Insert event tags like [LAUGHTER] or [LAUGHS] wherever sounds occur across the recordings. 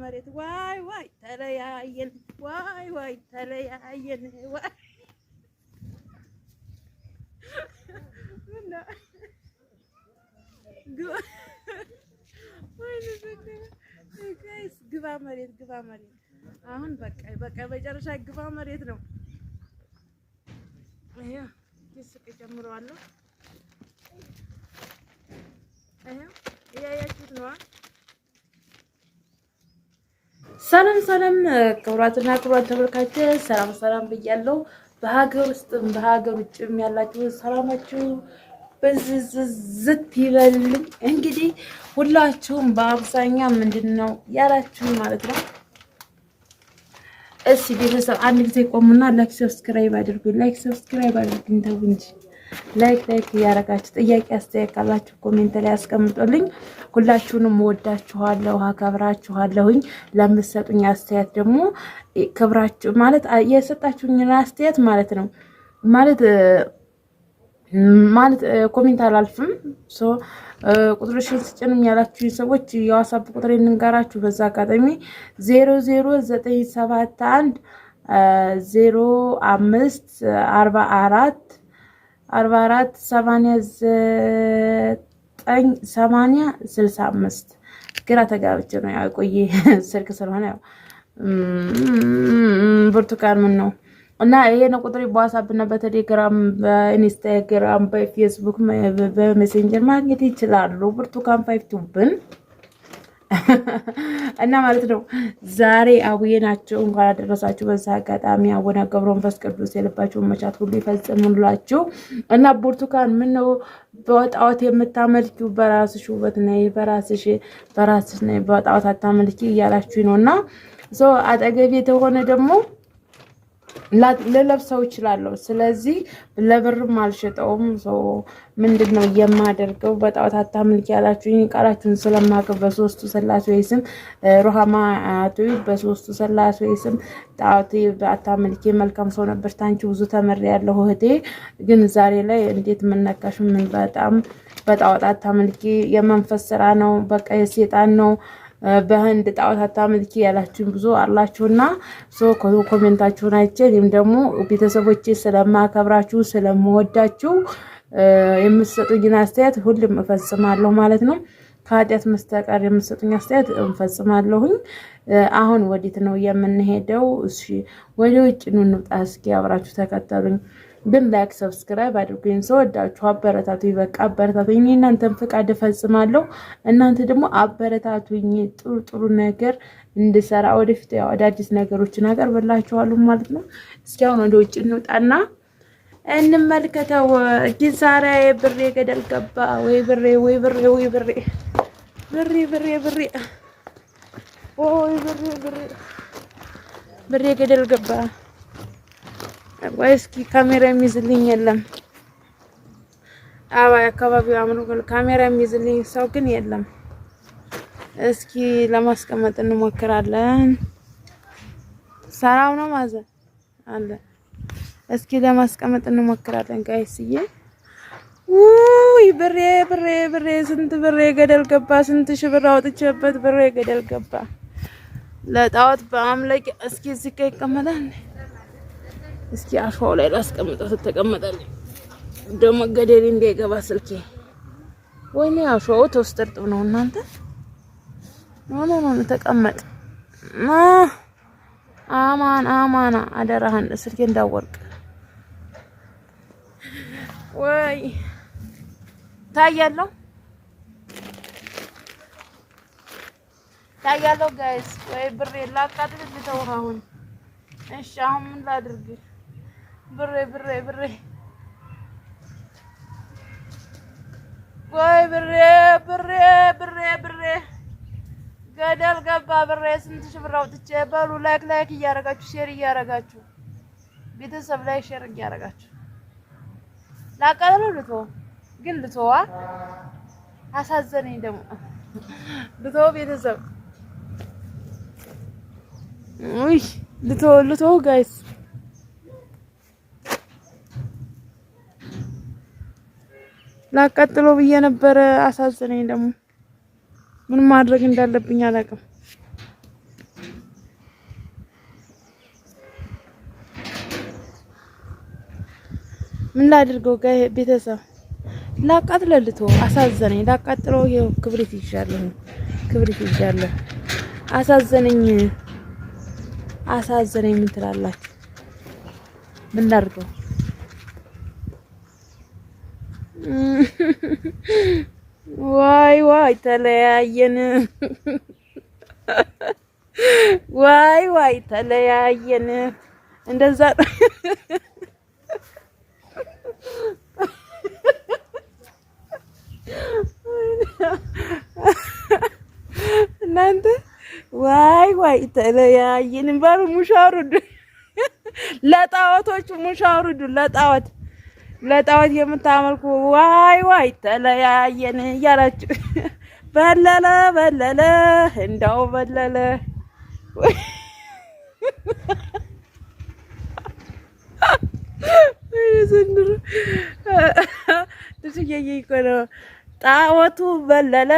መሬት ዋይ ዋይ ተለያየን፣ ዋይ ዋይ ተለያየን። ዋይ ግባ መሬት ግባ መሬት። አሁን በቃ በቃ መጨረሻ ግባ መሬት ነው። ስቅ ጨምረዋለሁ። እያያችሁት ነዋ ሰላም ሰላም ክቡራትና ክቡራን ተመልካቾች ሰላም ሰላም ብያለሁ። በሀገር ውስጥም በሀገር ውጭም ያላችሁ ሰላማችሁ በዝዝዝት ይበልልኝ። እንግዲህ ሁላችሁም በአብዛኛ ምንድን ነው ያላችሁ ማለት ነው። እስኪ ቤተሰብ አንድ ጊዜ ቆሙና ላይክ ሰብስክራይብ አድርጉኝ፣ ላይክ ሰብስክራይብ አድርጉኝ ተው እንጂ ላይክ ላይክ እያደረጋችሁ ጥያቄ አስተያየት ካላችሁ ኮሜንት ላይ አስቀምጦልኝ። ሁላችሁንም ወዳችኋለሁ፣ አከብራችኋለሁኝ። ለምትሰጡኝ አስተያየት ደግሞ ክብራችሁ ማለት የሰጣችሁኝን አስተያየት ማለት ነው ማለት ማለት ኮሜንት አላልፍም። ቁጥርሽን ስጭንም ያላችሁኝ ሰዎች የዋሳብ ቁጥር እንንገራችሁ። በዛ አጋጣሚ ዜሮ ዜሮ ዘጠኝ ሰባት አንድ ዜሮ አምስት አርባ አራት አርባ አራት ሰማንያ ዘጠኝ ሰማንያ ስልሳ አምስት ግራ ተጋብቼ ነው ያው ቆየ [LAUGHS] ስልክ ስለሆነ ያው ብርቱካን ምን ነው እና ይሄ ነው ቁጥሪ በዋትስአፕ እና በቴሌግራም በኢንስታግራም በፌስቡክ በሜሴንጀር ማግኘት ይችላሉ። ብርቱካን ፋይቭ ቱብን [LAUGHS] እና ማለት ነው ዛሬ አቡዬ ናቸው። እንኳን አደረሳችሁ። በዛ አጋጣሚ አቡነ ገብረ መንፈስ ቅዱስ የልባቸውን መቻት ሁሉ ይፈጽሙላችሁ። እና ብርቱካን ምነው በወጣዎት የምታመልኪ የምታመልኪው? በራስሽ ውበት ነይ፣ በራስሽ በራስሽ ነይ፣ አታመልኪ እያላችሁ ነው እና አጠገቤ የተሆነ ደግሞ ልለብሰው ይችላለሁ። ስለዚህ ለብርም አልሸጠውም። ሰው ምንድን ነው የማደርገው? በጣዖት አታምልክ ያላችሁኝ ቃላችሁን ስለማቅብ በሶስቱ ስላሴ ስም ሩሃማ አቶ በሶስቱ ስላሴ ስም ጣዖት አታምልኬ። መልካም ሰው ነበር። ታንቺ ብዙ ተምሬያለሁ እህቴ። ግን ዛሬ ላይ እንዴት ምነካሽ? ምን በጣም በጣዖት አታምልኬ የመንፈስ ስራ ነው። በቃ የሴጣን ነው በህንድ ጣዖት አታምልኪ ያላችሁን ብዙ አላችሁና ኮሜንታችሁን አይቼ እኔም ደግሞ ቤተሰቦቼ ስለማከብራችሁ ስለምወዳችሁ የምትሰጡኝን አስተያየት ሁሉም እፈጽማለሁ ማለት ነው። ከኃጢአት መስተቀር የምትሰጡኝ አስተያየት እንፈጽማለሁኝ። አሁን ወዴት ነው የምንሄደው? እሺ ወደ ውጭ እንውጣ። እስኪ አብራችሁ ተከተሉኝ። ግን ላይክ ሰብስክራይብ አድርጉኝ። ሰው ወዳችሁ አበረታቱኝ። በቃ አበረታቱኝ። እኔ እናንተን ፈቃድ እፈጽማለሁ። እናንተ ደግሞ አበረታቱኝ። ጥሩ ጥሩ ነገር እንድሰራ ወደፊት ያው አዳዲስ ነገሮችን አቀርብላችኋለሁ ማለት ነው። እስኪ አሁን ወደ ውጭ እንውጣና እንመልከተው። ኪሳራ ብሬ ገደል ገባ ወይ ብሬ ወይ ብሬ ወይ ብሬ ብሬ ብሬ ብሬ ወይ ብሬ ብሬ ብሬ ገደል ገባ ወይ እስኪ ካሜራ የሚይዝልኝ የለም። አባ አካባቢው አምሮ ካሜራ የሚይዝልኝ ሰው ግን የለም። እስኪ ለማስቀመጥ እንሞክራለን። ሰላም ነው ማዘ አለ። እስኪ ለማስቀመጥ እንሞክራለን ጋይስዬ። ውይ ብሬ ብሬ ብሬ ስንት ብሬ ገደል ገባ። ስንት ሺህ ብር አውጥቼበት ብሬ ገደል ገባ። ለጣዖት በአምለኪያ እስኪ እዚህ ጋር ይቀመጣል። እስኪ አሸዋው ላይ ላስቀምጠው። ተቀመጠልኝ ደግሞ ገደል እንዳይገባ ስልኬ። ወይኔ አሸዋው ተውስጠርጥብ ነው እናንተ። ሆኖ ሆኖ ተቀመጥ። አማን አማና አደራህን ስልኬ እንዳወርቅ ወይ ታያለው ታያለው ጋይስ ወይ ብሬ ላቃጥል ልተውህ እሺ አሁን ምን ላድርግ? ብሬ ብሬ ብሬ ቆይ ብሬ ብሬ ብሬ ብሬ ገደል ገባ ብሬ። ስንት ሺህ ብር አውጥቼ። በሉ ላይክ ላይክ እያደረጋችሁ ሼር እያደረጋችሁ ቤተሰብ ላይ ሼር እያደረጋችሁ ላቀለሉ ልቶ ግን ልቶዋ አሳዘነኝ ደግሞ ልቶ ቤተሰብ ውይ ልቶ ልቶ ጋይስ ላቃጥሎ ብዬ ነበረ። አሳዝነኝ ደግሞ ምን ማድረግ እንዳለብኝ አላውቅም። ምን ላድርገው ጋ ቤተሰብ ላቃጥለልቶ አሳዘነኝ። ላቃጥሎ ይኸው ክብሪት ይዣለሁ፣ ክብሪት ይዣለሁ። አሳዘነኝ፣ አሳዘነኝ። ምን ትላላችሁ? ምን ላድርገው? ዋይ ዋይ ተለያየን፣ ዋይ ዋይ ተለያየን። እንደዛ እናንተ ዋይ ዋይ ተለያየን። ባሩ ሙሻሩዱ ለጣዖቶቹ ሙሻሩዱ ለጣዖት ለጣዖት የምታመልኩ ዋይ ዋይ ተለያየን እያላችሁ [LAUGHS] በለለ በለለ እንዳው በለለ ድርዬ [LAUGHS] እኮ ነው ጣዖቱ በለለ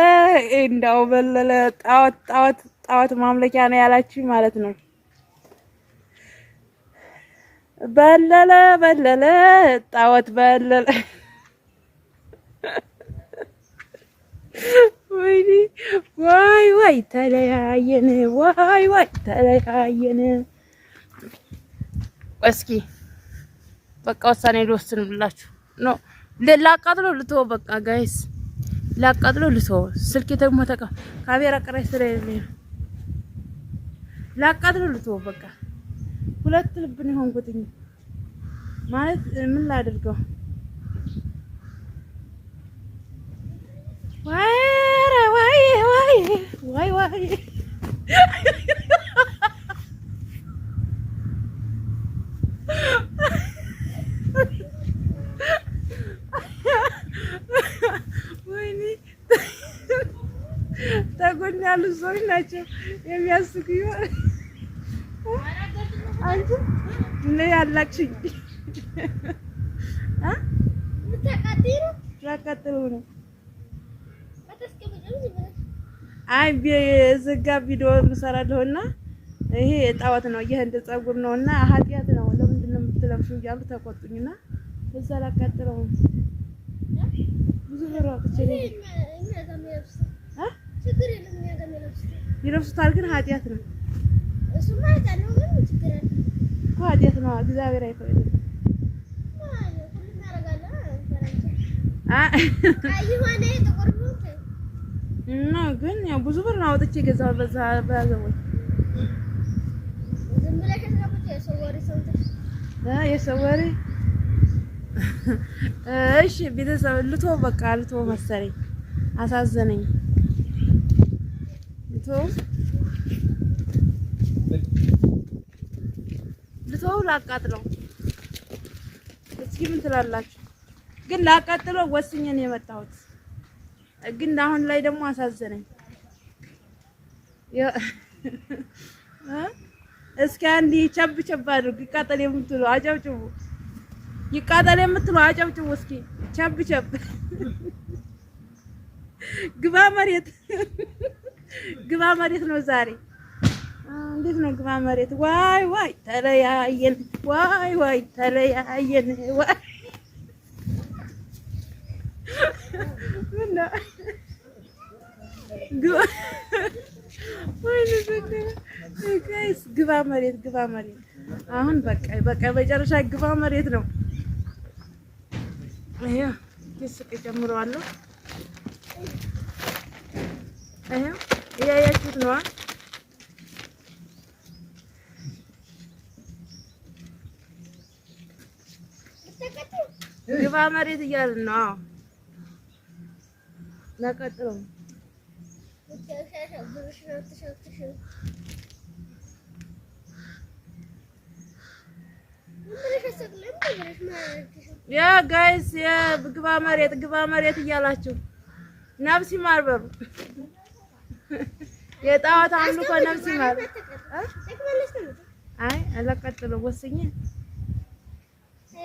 እንዳው በለለ ጣዖት ጣዖት ጣዖት ማምለኪያ ነው ያላችሁ ማለት ነው። በለለ በለለ ጣወት በለለ። ወይ ወይ ወይ ተለያየን፣ ወይ ወይ ተለያየን። እስኪ በቃ ውሳኔ ልወስን ብላችሁ ነው። ላቃጥሎ ልትወው በቃ ጋይስ፣ ላቃጥሎ ልትወው። ስልክ ደግሞ ተቀ ካሜራ ቀራይ ስለሌለ ላቃጥሎ ልትወው በቃ ሁለት ልብ ነው የሆንኩትኝ ማለት ምን ላድርገው? ዋይ ዋይ ዋይ ዋይ ዋይ ተጎን ያሉ ሰዎች ናቸው የሚያስቁ። ያላችኝ ላቃጥሉ ነው። አይ ዝጋ ቪዲዮ የምሰራለሁ እና ይሄ ጣዖት ነው፣ የህንድ ፀጉር ነው እና ኃጢያት ነው። ለምንድን ነው የምትለብሺው እያሉ ተቆጡኝ እና እዛ ላቃጥለው ብዙ ይለብሱታል፣ ግን ኃጢያት ነው። እንዴት ነው? እግዚአብሔር አይፈቅድም። እና ግን ያው ብዙ ብር ነው አውጥቼ የገዛሁት በዛ በያዘቦች የሰው ወሬ እሺ፣ ቤተሰብ ልቶ በቃ ልቶ መሰለኝ አሳዘነኝ ልቶ ተው ላቃጥለው። እስኪ ምን ትላላችሁ? ግን ላቃጥለው ወስኜ ነው የመጣሁት። ግን አሁን ላይ ደግሞ አሳዘነኝ። እስኪ አንድ ቸብ ቸብ አድርጉ። ይቃጠል የምትሉ አጨብጭቡ። ይቃጠል የምትሉ አጨብጭቡ። እስኪ ቸብ ቸብ ግባ መሬት ግባ መሬት ነው ዛሬ እንዴት ነው ግባ መሬት ዋይ ዋይ ተለያየን፣ ዋይ ዋይ ተለያየን። ጋይስ ግባ መሬት ግባ መሬት አሁን በቃ በቃ መጨረሻ ግባ መሬት ነው። ይኸው ስቅ ጨምረዋለሁ። እያያችሁት ነዋ ግባ መሬት እያልን ነው። ነቀጥለው ጋይስ ግባ መሬት ግባ መሬት እያላችሁ ነብስ ይማር በሩ [LAUGHS] የጣዖት አምልኮ ነብስ ይማር። አይ አላቀጥለው ወስኜ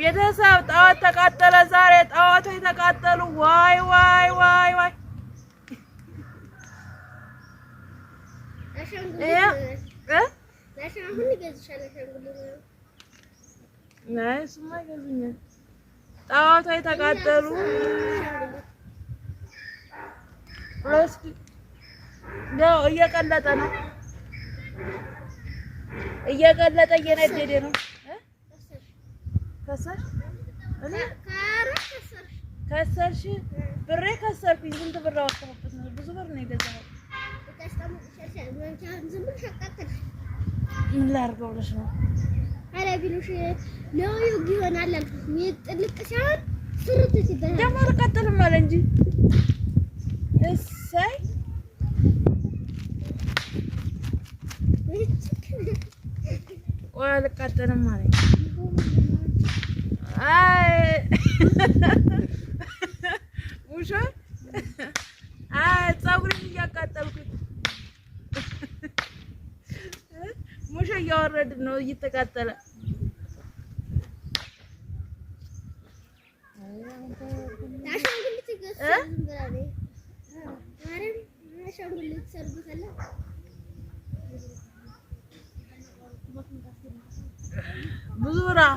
ቤተሰብ ጣዋት ተቃጠለ። ዛሬ ጣዋቶች ተቃጠሉ። ዋይ ዋይ ዋይ ዋይ! እሱማ ይገዙኛል። ጣዋቶች ተቃጠሉ። እየቀለጠ ነው፣ እየቀለጠ እየነደደ ነው። ከሰርሽ ከሰርሽ ብሬ ከሰርኩኝ። ስንት ብር አወጣሁበት ነው? ብዙ ብር ነው የገዛሁት። ምን ላድርገው ብለሽ ነው? ኧረ ቢሉሽ ነው ይሁን ይሆናል አልኩሽ። ጥልቅ ሲሆን ስርት ሲበላ ደግሞ አልቀጥልም አለ እንጂ እሰይ ቆይ አልቀጥልም አለኝ። ውሾ ፀጉሬን እያቃጠልኩኝ ሙሾ እያወረድን ነው እየተቃጠለ ብዙ ነው።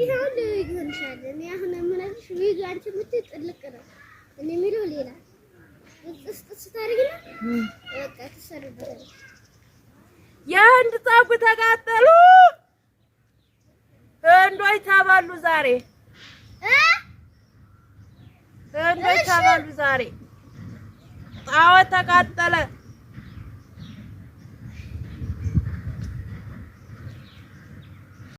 ይሄው ይሆንሻል። እኔ አሁን የምነግርሽ ዊግ አንቺ የምትይ ጥልቅ ነው። እኔ የሚለው ሌላ ጥስጥስ ታሪክ ነው። በቃ ትሰሩበታለሽ። የህንድ ፀጉ ተቃጠሉ፣ ህንዶች ተበሉ ዛሬ ህንዶች ተበሉ ዛሬ ጣወት ተቃጠለ።